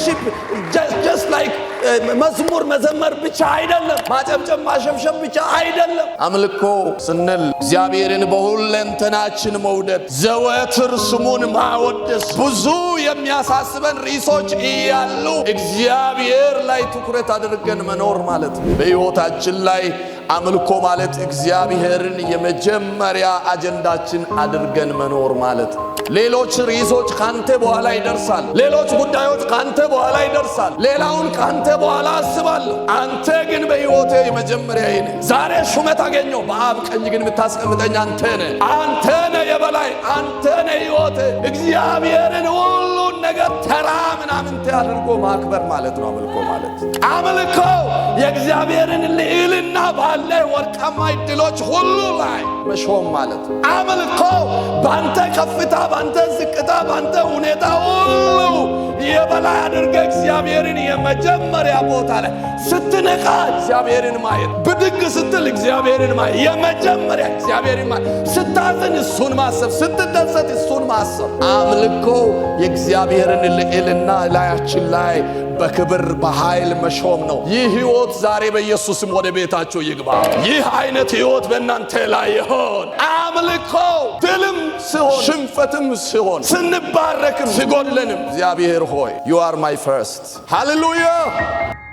ወርሺፕ ጀስት ላይክ መዝሙር መዘመር ብቻ አይደለም፣ ማጨብጨብ ማሸብሸብ ብቻ አይደለም። አምልኮ ስንል እግዚአብሔርን በሁለንተናችን መውደድ፣ ዘወትር ስሙን ማወደስ፣ ብዙ የሚያሳስበን ርዕሶች እያሉ እግዚአብሔር ላይ ትኩረት አድርገን መኖር ማለት ነው በሕይወታችን ላይ አምልኮ ማለት እግዚአብሔርን የመጀመሪያ አጀንዳችን አድርገን መኖር ማለት። ሌሎች ርዕሶች ካንተ በኋላ ይደርሳል። ሌሎች ጉዳዮች ካንተ በኋላ ይደርሳል። ሌላውን ካንተ በኋላ አስባለሁ። አንተ ግን በሕይወቴ የመጀመሪያ ይነ ዛሬ ሹመት አገኘው በአብ ቀኝ ግን የምታስቀምጠኝ አንተ ነህ። አንተ ነህ የበላይ፣ አንተ ሕይወቴ። እግዚአብሔርን ሁሉን ነገር ተራ ምናምንቴ አድርጎ ማክበር ማለት ነው አምልኮ ማለት። አምልኮ የእግዚአብሔርን ልእ በእጅና ባለ ወርቃማ እድሎች ሁሉ ላይ መሾም ማለት አምልኮ ባንተ ከፍታ፣ ባንተ ዝቅታ፣ ባንተ ሁኔታ ሁሉ የበላይ አድርገ እግዚአብሔርን የመጀመሪያ ቦታ ላይ ስትነቃ እግዚአብሔርን ማየት፣ ብድግ ስትል እግዚአብሔርን ማየት፣ የመጀመሪያ እግዚአብሔርን ማየት፣ ስታዝን እሱን ማሰብ፣ ስትደሰት እሱ ማሰብ አምልኮ የእግዚአብሔርን ልዕልና ላያችን ላይ በክብር በኃይል መሾም ነው። ይህ ህይወት ዛሬ በኢየሱስም ወደ ቤታቸው ይግባ። ይህ አይነት ህይወት በእናንተ ላይ ይሆን። አምልኮ ድልም ሲሆን ሽንፈትም ሲሆን ስንባረክም ሲጎለንም እግዚአብሔር ሆይ ዩ አር ማይ ፈርስት ሃሌሉያ